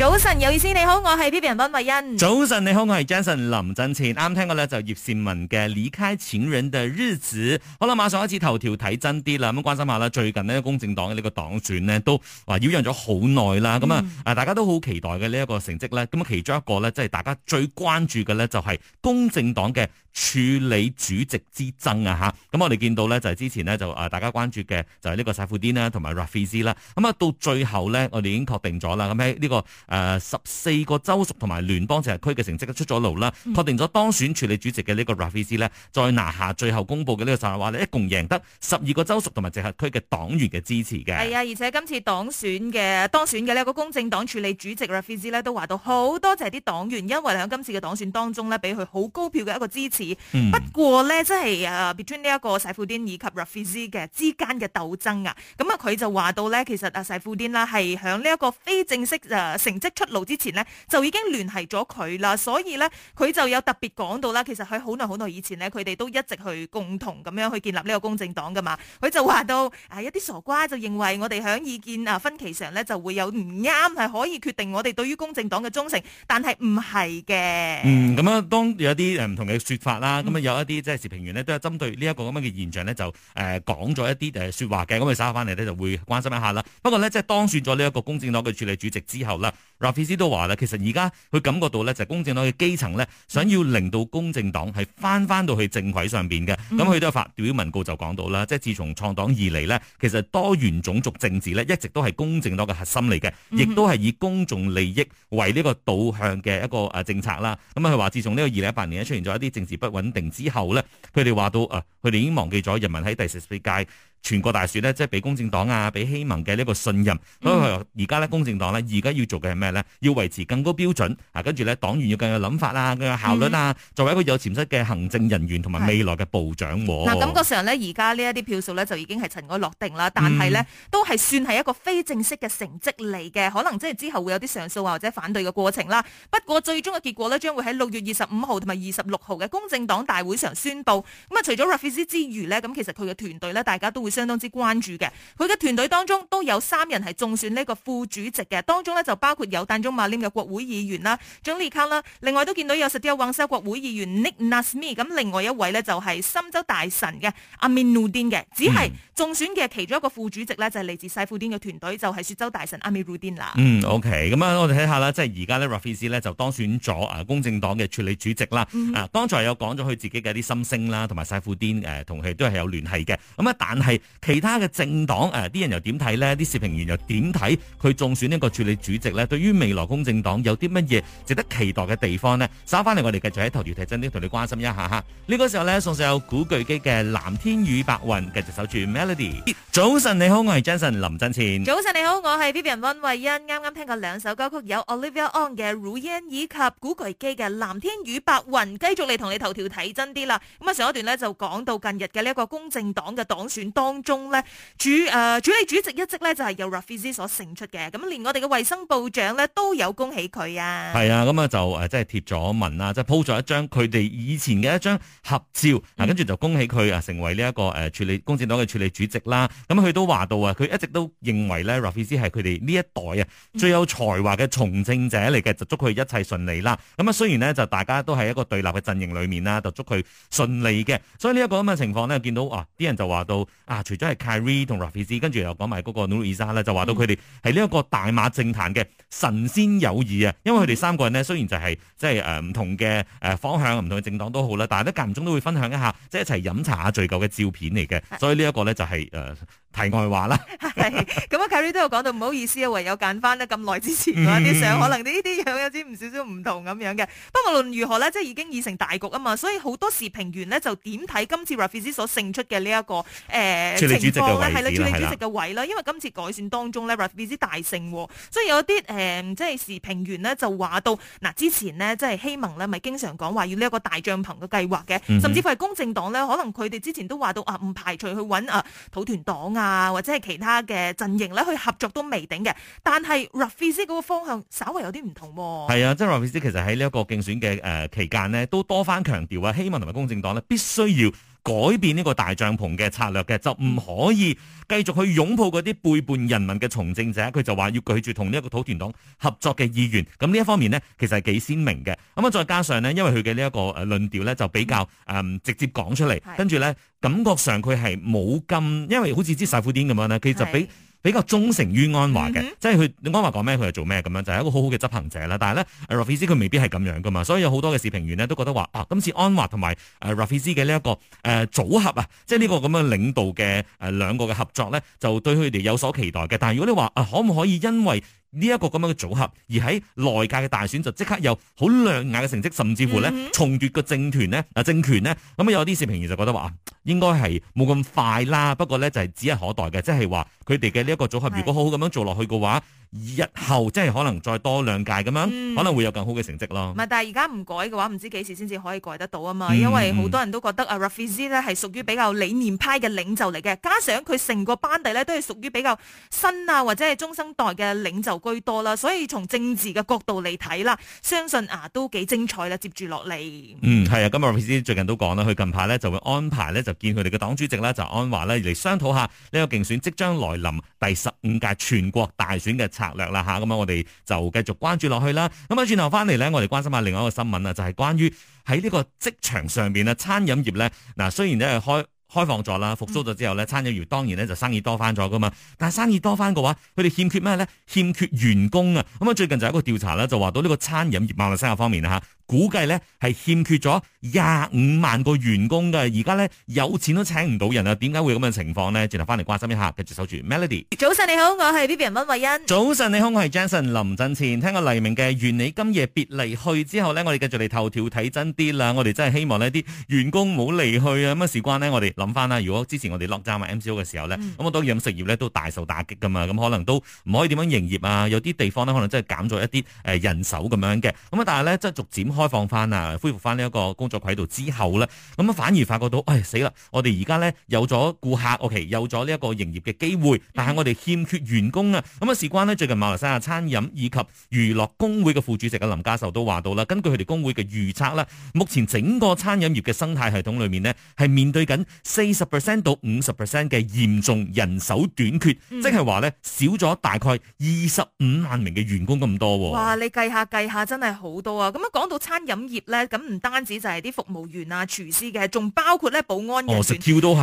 早晨，有意思，你好，我係 Pepi 林慧欣。早晨，你好，我係 Jason 林振前。啱聽過咧就葉倩文嘅離開情人的日子。好啦，馬上開始頭條睇真啲啦，咁關心下啦。最近呢，公正黨嘅呢個黨選呢，都話擾攘咗好耐啦。咁啊，大家都好期待嘅呢一個成績咧。咁啊，其中一個呢，即係大家最關注嘅呢，就係公正黨嘅處理主席之爭啊。吓，咁我哋見到呢，就係之前呢，就啊大家關注嘅就係呢個薩富丁啦，同埋拉菲茲啦。咁啊到最後呢，我哋已經確定咗啦。咁喺呢個誒、呃、十四個州屬同埋聯邦直轄區嘅成績都出咗爐啦，確、嗯、定咗當選處理主席嘅呢個 Rafizi 咧，再拿下最後公佈嘅呢個就係話咧，一共贏得十二個州屬同埋直轄區嘅黨員嘅支持嘅。係啊、嗯，而且今次黨選嘅當選嘅呢個公正黨處理主席 Rafizi 都話到好多謝啲黨員，因為喺今次嘅黨選當中咧，俾佢好高票嘅一個支持。嗯、不過呢，即係誒 Between 呢一個細富丁以及 Rafizi 嘅之間嘅鬥爭啊，咁啊佢就話到呢，其實阿細富丁啦係響呢一個非正式誒成。嗯即出爐之前呢，就已經聯繫咗佢啦，所以呢，佢就有特別講到啦。其實喺好耐好耐以前呢，佢哋都一直去共同咁樣去建立呢個公正黨㗎嘛。佢就話到啊、哎，一啲傻瓜就認為我哋喺意見啊分歧上呢，就會有唔啱，係可以決定我哋對於公正黨嘅忠誠，但係唔係嘅。嗯，咁啊，當有啲唔同嘅説法啦，咁、嗯、啊、嗯、有一啲即係時評員咧都係針對呢一個咁樣嘅現象呢，就誒講咗一啲誒説話嘅。咁佢稍後翻嚟呢，就會關心一下啦。不過呢，即係當選咗呢一個公正黨嘅處理主席之後啦。Rafizi 都話咧，其實而家佢感覺到咧，就係、是、公正黨嘅基層咧，想要令到公正黨係翻翻到去政壇上邊嘅。咁佢都有發表文告就講到啦，即係自從創黨以嚟咧，其實多元種族政治咧一直都係公正黨嘅核心嚟嘅，亦都係以公眾利益為呢個導向嘅一個誒政策啦。咁佢話，嗯、自從呢個二零一八年咧出現咗一啲政治不穩定之後咧，佢哋話到啊，佢、呃、哋已經忘記咗人民喺第四十四屆。全國大選呢，即係俾公正黨啊、俾希盟嘅呢個信任。所以，而家呢，公正黨呢，而家要做嘅係咩呢？要維持更高標準啊！跟住呢，黨員要更有諗法啦、啊、更有效率啊，嗯、作為一個有潛質嘅行政人員同埋未來嘅部長。嗱是、啊，感覺上呢，而家呢一啲票數呢，就已經係塵埃落定啦。但係呢，嗯、都係算係一個非正式嘅成績嚟嘅，可能即係之後會有啲上訴啊或者反對嘅過程啦。不過最終嘅結果呢，將會喺六月二十五號同埋二十六號嘅公正黨大會上宣佈。咁啊，除咗 Rafizi 之餘呢，咁其實佢嘅團隊呢，大家都會。相當之關注嘅，佢嘅團隊當中都有三人係中選呢個副主席嘅，當中呢，就包括有丹絨馬林嘅國會議員啦，張利卡啦，另外都見到有實地亞旺沙國會議員 Nik Nazmi 咁另外一位呢，就係雪州大臣嘅阿米魯丁嘅，只係中選嘅其中一個副主席呢，就係嚟自賽夫丁嘅團隊，就係雪州大臣阿米魯丁啦。嗯，OK，咁、嗯、啊，我哋睇下啦，即係而家呢 Rafizi 就當選咗啊公正黨嘅署理主席啦。啊，剛才有講咗佢自己嘅啲心聲啦，同埋賽夫丁誒同佢都係有聯繫嘅，咁啊，但係。其他嘅政黨誒，啲、呃、人又點睇呢？啲視評員又點睇？佢中選呢個署理主席呢？對於未來公正黨有啲乜嘢值得期待嘅地方呢？稍翻嚟，我哋繼續喺頭條睇真啲，同你關心一下吓。呢、呢個時候呢，送上有古巨基嘅《藍天與白雲》，繼續守住 Melody。早晨你好，我係 Jason 林振前。早晨你好，我係 Vivian 溫慧欣。啱啱聽過兩首歌曲，有 Olivia On 嘅《如燕》以及古巨基嘅《藍天與白雲》，繼續嚟同你頭條睇真啲啦。咁啊，上一段呢，就講到近日嘅呢一個公正黨嘅黨選多。當當中咧，主，誒，處理主席一職咧就係由 r 拉菲 i 所勝出嘅。咁連我哋嘅衛生部長咧都有恭喜佢啊。係啊，咁啊就誒，即係貼咗文啦，即係 p 咗一張佢哋以前嘅一張合照。嗱，跟住就恭喜佢啊，成為呢一個誒處理公正黨嘅處理主席啦。咁佢都話到啊，佢一直都認為咧拉菲 i 係佢哋呢一代啊最有才華嘅從政者嚟嘅，就祝佢一切順利啦。咁啊，雖然呢，就大家都係一個對立嘅陣營裏面啦，就祝佢順利嘅。所以呢一個咁嘅情況呢，見到啊，啲人就話到啊。啊啊啊除咗係 Khairy 同 Rafizi，跟住又講埋嗰個 Nurul Izzah 咧，就話到佢哋係呢一個大馬政壇嘅神仙友誼啊！因為佢哋三個人咧，雖然就係即係誒唔同嘅誒方向、唔同嘅政黨都好啦，但係咧間唔中都會分享一下，即係一齊飲茶下聚舊嘅照片嚟嘅，所以呢一個咧就係誒。呃題外話啦，咁 啊 Kerry 都有講到，唔好意思啊，唯有揀翻咧咁耐之前嗰啲相，嗯、可能呢啲樣有啲唔少少唔同咁樣嘅。不過無論如何咧，即係已經已成大局啊嘛，所以好多時評員咧就點睇今次 Rafiz 所勝出嘅呢一個誒情況咧，係、呃、啦，署理主席嘅位啦，因為今次改選當中咧，Rafiz 大勝，所以有啲誒、呃、即係時評員咧就話到嗱，之前呢，即係希盟咧咪經常講話要呢一個大帳篷嘅計劃嘅，甚至乎係公正黨咧，可能佢哋之前都話到啊，唔排除去揾啊土團黨啊。啊啊啊啊啊啊，或者係其他嘅陣營咧，去合作都未定嘅。但係 Rafizi 嗰個方向稍微有啲唔同、哦。係啊，即係 Rafizi 其實喺、呃、呢一個競選嘅誒期間咧，都多番強調啊，希望同埋公正黨咧必須要，改變呢個大帳篷嘅策略嘅，就唔可以繼續去擁抱嗰啲背叛人民嘅從政者。佢就話要拒絕同呢一個土團黨合作嘅意願。咁呢一方面呢，其實係幾鮮明嘅。咁啊，再加上呢，因為佢嘅呢一個誒論調咧，就比較誒、嗯、直接講出嚟，跟住呢，感覺上佢係冇咁，因為好似支晒苦點咁樣呢，佢就比。比較忠誠於安華嘅，mm hmm. 即係佢安華講咩佢就做咩咁樣，就係、是、一個好好嘅執行者啦。但係咧 Rafizi 佢未必係咁樣噶嘛，所以有好多嘅視評員咧都覺得話啊，今次安華同埋誒 Rafizi 嘅呢一個誒、呃、組合啊，即係呢個咁嘅領導嘅誒、呃、兩個嘅合作咧，就對佢哋有所期待嘅。但係如果你話啊，可唔可以因為，呢一個咁樣嘅組合，而喺內界嘅大選就即刻有好亮眼嘅成績，甚至乎咧、mm hmm. 重奪個政權咧啊政權咧，咁啊有啲視評員就覺得話應該係冇咁快啦，不過咧就係指日可待嘅，即係話佢哋嘅呢一個組合如果好好咁樣做落去嘅話。日後即係可能再多兩屆咁樣，嗯、可能會有更好嘅成績咯。唔係，但係而家唔改嘅話，唔知幾時先至可以改得到啊嘛？因為好多人都覺得 Rafizi 呢係屬於比較理念派嘅領袖嚟嘅，加上佢成個班底呢都係屬於比較新啊或者係中生代嘅領袖居多啦，所以從政治嘅角度嚟睇啦，相信啊都幾精彩啦。接住落嚟，嗯係啊，今日 Rafizi 最近都講啦，佢近排呢就會安排呢，就見佢哋嘅黨主席呢就安華呢嚟商討下呢個競選即將來臨第十五屆全國大選嘅。策略啦嚇，咁啊、嗯、我哋就繼續關注落去啦。咁啊轉頭翻嚟咧，我哋關心下另外一個新聞啊，就係、是、關於喺呢個職場上邊啊，啊，餐飲業咧嗱，雖然咧開開放咗啦，復甦咗之後咧，餐飲業當然咧就生意多翻咗噶嘛。但係生意多翻嘅話，佢哋欠缺咩咧？欠缺員工啊。咁、嗯、啊最近就有一個調查咧、啊，就話到呢個餐飲業馬來西亞方面嚇。啊估計呢係欠缺咗廿五萬個員工嘅，而家呢有錢都請唔到人啊！點解會有咁嘅情況呢？轉頭翻嚟關心一下嘅，繼續守住 Melody。早晨你好，我係 B B 溫慧欣。早晨你好，我係 Jason 林振前。聽過黎明嘅《願你今夜別離去》之後呢，我哋繼續嚟頭條睇真啲啦！我哋真係希望呢啲員工唔好離去啊！咁乜事關呢，我哋諗翻啦，如果之前我哋落站埋 M C O 嘅時候呢，咁我當飲食業呢都大受打擊噶嘛，咁可能都唔可以點樣營業啊！有啲地方呢，可能真係減咗一啲誒人手咁樣嘅，咁啊但係呢，即係逐漸。開放翻啊，恢復翻呢一個工作軌道之後呢，咁啊反而發覺到，唉，死啦！我哋而家呢，有咗顧客，OK，有咗呢一個營業嘅機會，但係我哋欠缺員工啊！咁啊、嗯，事關呢，最近馬來西亞餐飲以及娛樂公會嘅副主席啊林家壽都話到啦，根據佢哋公會嘅預測咧，目前整個餐飲業嘅生態系統裡面呢，係面對緊四十 percent 到五十 percent 嘅嚴重人手短缺，即係話呢，少咗大概二十五萬名嘅員工咁多。哇！你計下計下真係好多啊！咁啊講到。餐飲業咧咁唔單止就係啲服務員啊、廚師嘅，仲包括咧保安入邊，係啊、哦，食蕉都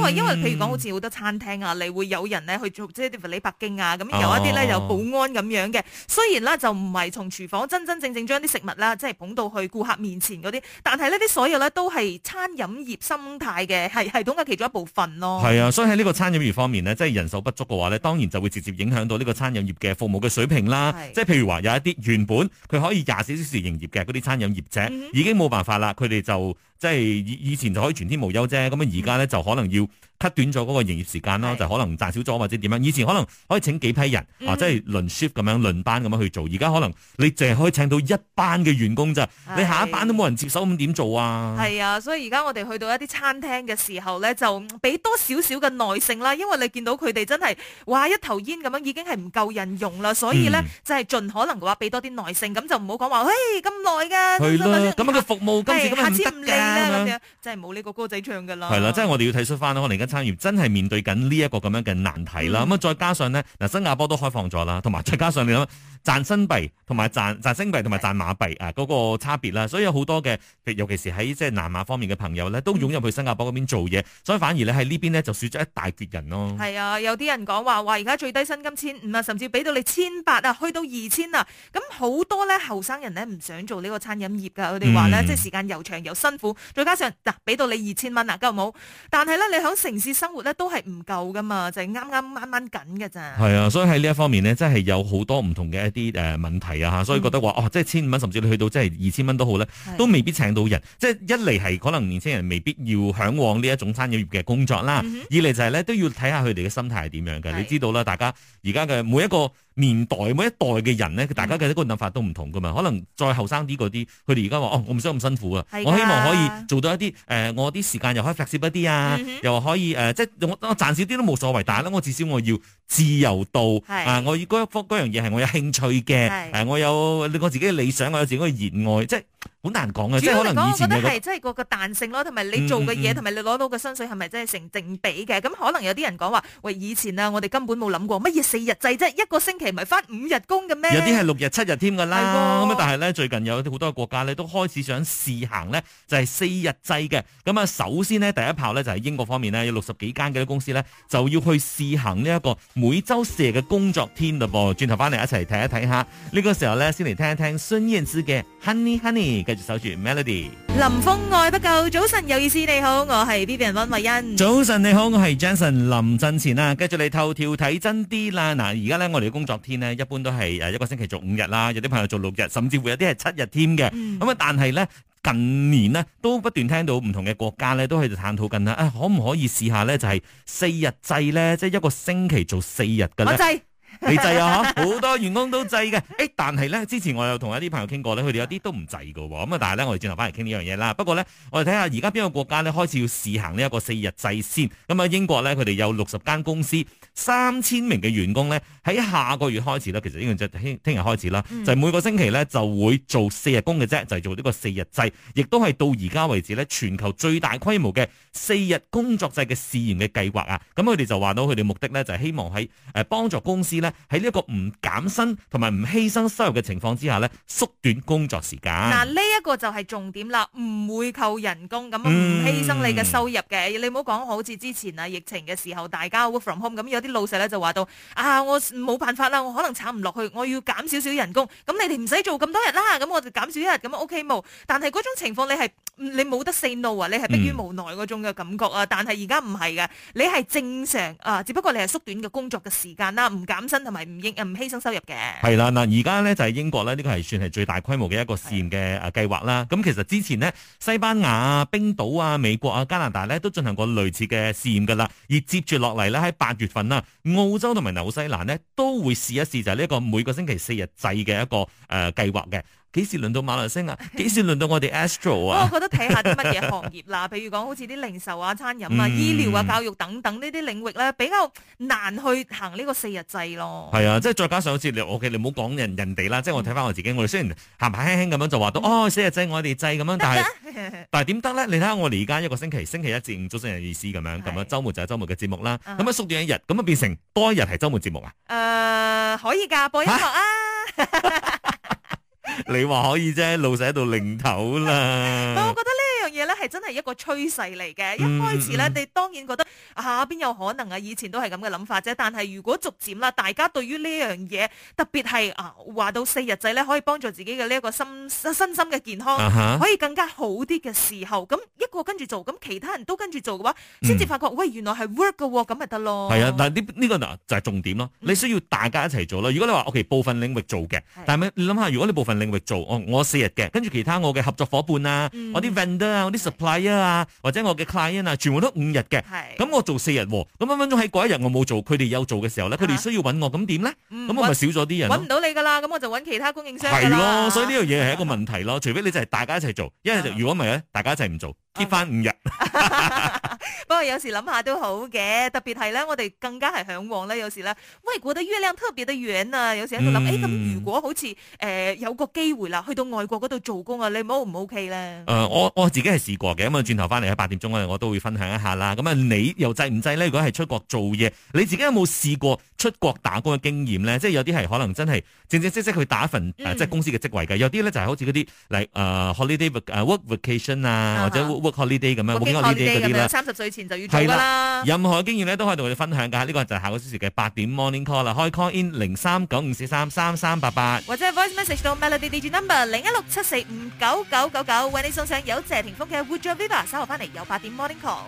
係，嗯、因為譬如講好似好多餐廳啊，你會有人咧去做即係你北京啊，咁有一啲咧又保安咁樣嘅。哦、雖然啦，就唔係從廚房真真正正將啲食物啦，即係捧到去顧客面前嗰啲，但係呢啲所有咧都係餐飲業心態嘅係系統嘅其中一部分咯。係啊，所以喺呢個餐飲業方面呢，即係人手不足嘅話呢，當然就會直接影響到呢個餐飲業嘅服務嘅水平啦。即係是譬如話有一啲原本佢可以廿四小時營業嘅啲。餐飲業者已經冇辦法啦，佢哋就。 即係以以前就可以全天無休啫，咁樣而家咧就可能要 cut 短咗嗰個營業時間囉，是的 就可能賺少咗或者點樣。以前可能可以請幾批人啊，嗯、即係輪 shift 咁樣輪班咁樣去做，而家可能你淨係可以請到一班嘅員工咋，是的 你下一班都冇人接手咁點做啊？係啊，所以而家我哋去到一啲餐廳嘅時候咧，就俾多少少嘅耐性啦，因為你見到佢哋真係哇一頭煙咁樣已經係唔夠人用啦，所以咧、嗯、就係盡可能嘅話俾多啲耐性，咁就唔好講話誒咁耐嘅，係咯咁樣嘅服務跟住咁係、嗯嗯、真係冇呢個歌仔唱噶啦。係啦，即、就、係、是、我哋要睇出翻可能而家餐飲真係面對緊呢一個咁樣嘅難題啦。咁啊、嗯，再加上呢，嗱，新加坡都開放咗啦，同埋再加上你諗賺新幣，同埋賺賺星幣，同埋賺馬幣啊，嗰個差別啦。所以有好多嘅，尤其是喺即係南馬方面嘅朋友呢，都湧入去新加坡嗰邊做嘢，嗯、所以反而咧喺呢邊呢，就少咗一大橛人咯。係啊，有啲人講話話而家最低薪金千五啊，甚至俾到你千八啊，去到二千啊，咁好多呢後生人呢，唔想做呢個餐飲業噶，佢哋話呢，即係時間又長又辛苦。再加上嗱，俾、啊、到你二千蚊嗱，夠唔好？但係咧，你喺城市生活咧都係唔夠噶嘛，就係啱啱掹掹緊噶咋。係啊，所以喺呢一方面咧，真係有好多唔同嘅一啲誒問題啊吓，所以覺得話、嗯、哦，即係千五蚊，甚至你去到即係二千蚊都好咧，都未必請到人。是的 即係一嚟係可能年青人未必要向往呢一種餐飲業嘅工作啦，嗯、哼 二嚟就係咧都要睇下佢哋嘅心態係點樣嘅。是的 你知道啦，大家而家嘅每一個。年代每一代嘅人咧，大家嘅一個諗法都唔同噶嘛。可能再後生啲嗰啲，佢哋而家話：哦，我唔想咁辛苦啊，的我希望可以做到一啲誒、呃，我啲時間又可以發泄一啲啊，嗯、哼又可以誒、呃，即係我，我賺少啲都冇所謂，但係咧，我至少我要自由度啊是、呃！我嗰一科嗰樣嘢係我有興趣嘅，誒是、呃，我有我自己嘅理想，我有自己嘅熱愛，即係。好難講嘅，即係可能以前、嗰個。我覺得係即係個個彈性咯，同埋你做嘅嘢，同埋、嗯嗯嗯嗯、你攞到嘅薪水，係咪真係成正比嘅？咁、嗯嗯嗯、可能有啲人講話，喂，以前啊，我哋根本冇諗過乜嘢四日制啫，一個星期咪翻五日工嘅咩？有啲係六日七日添嘅啦。咁的但係咧，最近有好多國家咧都開始想試行呢，就係四日制嘅。咁啊，首先呢，第一炮呢就喺、是、英國方面呢，有六十幾間嘅公司呢，就要去試行呢一個每周四嘅工作天嘞噃。轉頭翻嚟一齊睇一睇下，呢、這個時候呢，先嚟聽，聽一聽孫燕姿嘅《Honey Honey》。守住 melody，林峰愛不夠，早晨有意思，你好，我係 B B 人溫慧欣，早晨你好，我係 Jensen 林振前啊，繼續你頭條睇真啲啦，嗱，而家咧我哋嘅工作天呢，一般都係誒一個星期做五日啦，有啲朋友做六日，甚至乎有啲係七日添嘅，咁啊、嗯，但係咧近年呢，都不斷聽到唔同嘅國家咧，都喺度探討緊啦，啊、哎，可唔可以試下咧，就係、是、四日制咧，即、就、係、是、一個星期做四日嘅咧。 你制啊！吓，好多員工都制嘅。誒、欸，但係咧之前我有同一啲朋友傾過咧，佢哋有啲都唔制㗎喎，咁啊，但係咧我哋轉頭翻嚟傾呢樣嘢啦。不過咧，我哋睇下而家邊個國家咧開始要試行呢一個四日制先。咁、嗯、啊，英國咧佢哋有六十間公司，三千名嘅員工咧，喺下個月開始咧，其實呢樣就聽聽日開始啦，嗯、就每個星期咧就會做四日工嘅啫，就係、是、做呢個四日制，亦都係到而家為止咧全球最大規模嘅四日工作制嘅試驗嘅計劃啊！咁佢哋就話到佢哋目的咧就係、希望喺誒、呃、幫助公司咧喺呢一個唔減薪同埋唔犧牲收入嘅情況之下咧縮短工作時間。嗱，呢一個就係重點啦，唔會扣人工咁，唔犧牲你嘅收入嘅。嗯、你唔好講好似之前啊疫情嘅時候，大家 work from home 咁有啲。老細咧就話到啊，我冇辦法啦，我可能撐唔落去，我要減少少人工。咁你哋唔使做咁多日啦，咁我就減少一日咁啊 OK 冇。但係嗰種情況你係。你冇得 say no 啊！你係迫於無奈嗰種嘅感覺啊！但係而家唔係嘅，你係正常啊、呃！只不過你係縮短嘅工作嘅時間啦，唔減薪同埋唔應啊唔犧牲收入嘅。係啦，嗱而家咧就係英國咧，呢、這個係算係最大規模嘅一個試驗嘅誒計劃啦。咁的其實之前呢，西班牙、冰島啊、美國啊、加拿大咧都進行過類似嘅試驗噶啦。而接住落嚟咧，喺八月份啊，澳洲同埋紐西蘭呢，都會試一試就係呢個每個星期四日制嘅一個誒計劃嘅。幾時輪到馬來西亞？幾時輪到我哋 Astro 啊？我覺得睇下啲乜嘢行業啦，譬如講好似啲零售啊、餐飲啊、醫療啊、教育等等呢啲領域咧，比較難去行呢個四日制咯。係啊，即係再加上好似你，OK，你唔好講人人哋啦。即係我睇翻我自己，我哋雖然行行輕輕咁樣就話到哦，四日制我哋制咁樣，但係但係點得咧？你睇下我哋而家一個星期，星期一至五都星期意思咁樣，咁啊周末就係周末嘅節目啦。咁啊縮短一日，咁啊變成多一日係周末節目啊？誒，可以噶，播音樂啊！你話可以啫，老細喺度擰頭啦， 我覺得嘢咧係真係一個趨勢嚟嘅，嗯、一開始咧，你當然覺得啊，邊有可能啊，以前都係咁嘅諗法啫。但係如果逐漸啦，大家對於呢樣嘢，特別係啊，話到四日仔咧，可以幫助自己嘅呢一個心身心嘅健康，啊、哈可以更加好啲嘅時候，咁一個跟住做，咁其他人都跟住做嘅話，先至發覺、嗯、喂，原來係 work 噶、哦，咁咪得咯。係啊，嗱，呢呢個嗱就係重點咯，你需要大家一齊做咯。如果你話我哋部分領域做嘅，是但係你諗下，如果你部分領域做，我四我、啊、我四日嘅，跟住其他我嘅合作伙伴啊，我啲 vendor。我啲 supply 啊，或者我嘅 client 啊，全部都五日嘅。係咁我做四日，咁分分鐘喺嗰一日我冇做，佢哋有做嘅時候咧，佢哋需要揾我，咁點咧？咁我咪少咗啲人。揾唔到你噶啦，咁我就揾其他供應商。係咯，所以呢樣嘢係一個問題咯。除非你就係大家一齊做，一係就如果唔係咧，大家一齊唔做，keep 翻五日。不過有時諗下都好嘅，特別係咧，我哋更加係向往咧。有時咧，外國的月亮特別的圓啊。有時喺度諗，誒，咁如果好似誒有個機會啦，去到外國嗰度做工啊，你 O 唔 O K 咧？誒，我我自己。都係試過嘅，咁啊轉頭翻嚟，喺八點鐘咧，我都會分享一下啦。咁啊，你又制唔制咧？如果係出國做嘢，你自己有冇試過？出國打工嘅經驗咧，即係有啲係可能真係正正式式。去打份，即係公司嘅職位嘅。嗯、有啲咧就係好似嗰啲嚟，誒、呃、holiday work, work vacation 啊，或者 work holiday 咁 working holiday 樣。work holiday 三十歲前就要做啦。任何經驗咧都可以同我哋分享㗎。呢、這個就係下個小時嘅八點 morning call 啦。開 call in 零三九五四三三三八八，或者 voice message 到 melody digit number 零一六七四五九九九九，為你送上有謝霆鋒嘅活著 Viva 稍後翻嚟，有八點 morning call。